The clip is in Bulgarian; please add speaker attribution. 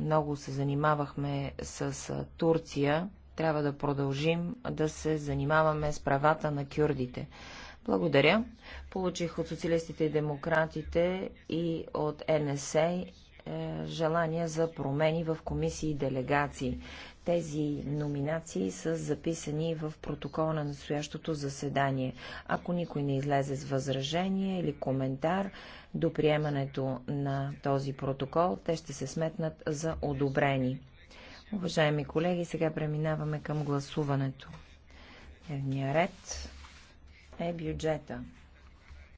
Speaker 1: много се занимавахме с Турция. Трябва да продължим да се занимаваме с правата на кюрдите. Благодаря. Получих от социалистите и демократите и от НСА е, желания за промени в комисии и делегации. Тези номинации са записани в протокол на настоящото заседание. Ако никой не излезе с възражение или коментар до приемането на този протокол, те ще се сметнат за одобрени. Уважаеми колеги, сега преминаваме към гласуването. Дневния ред е бюджета.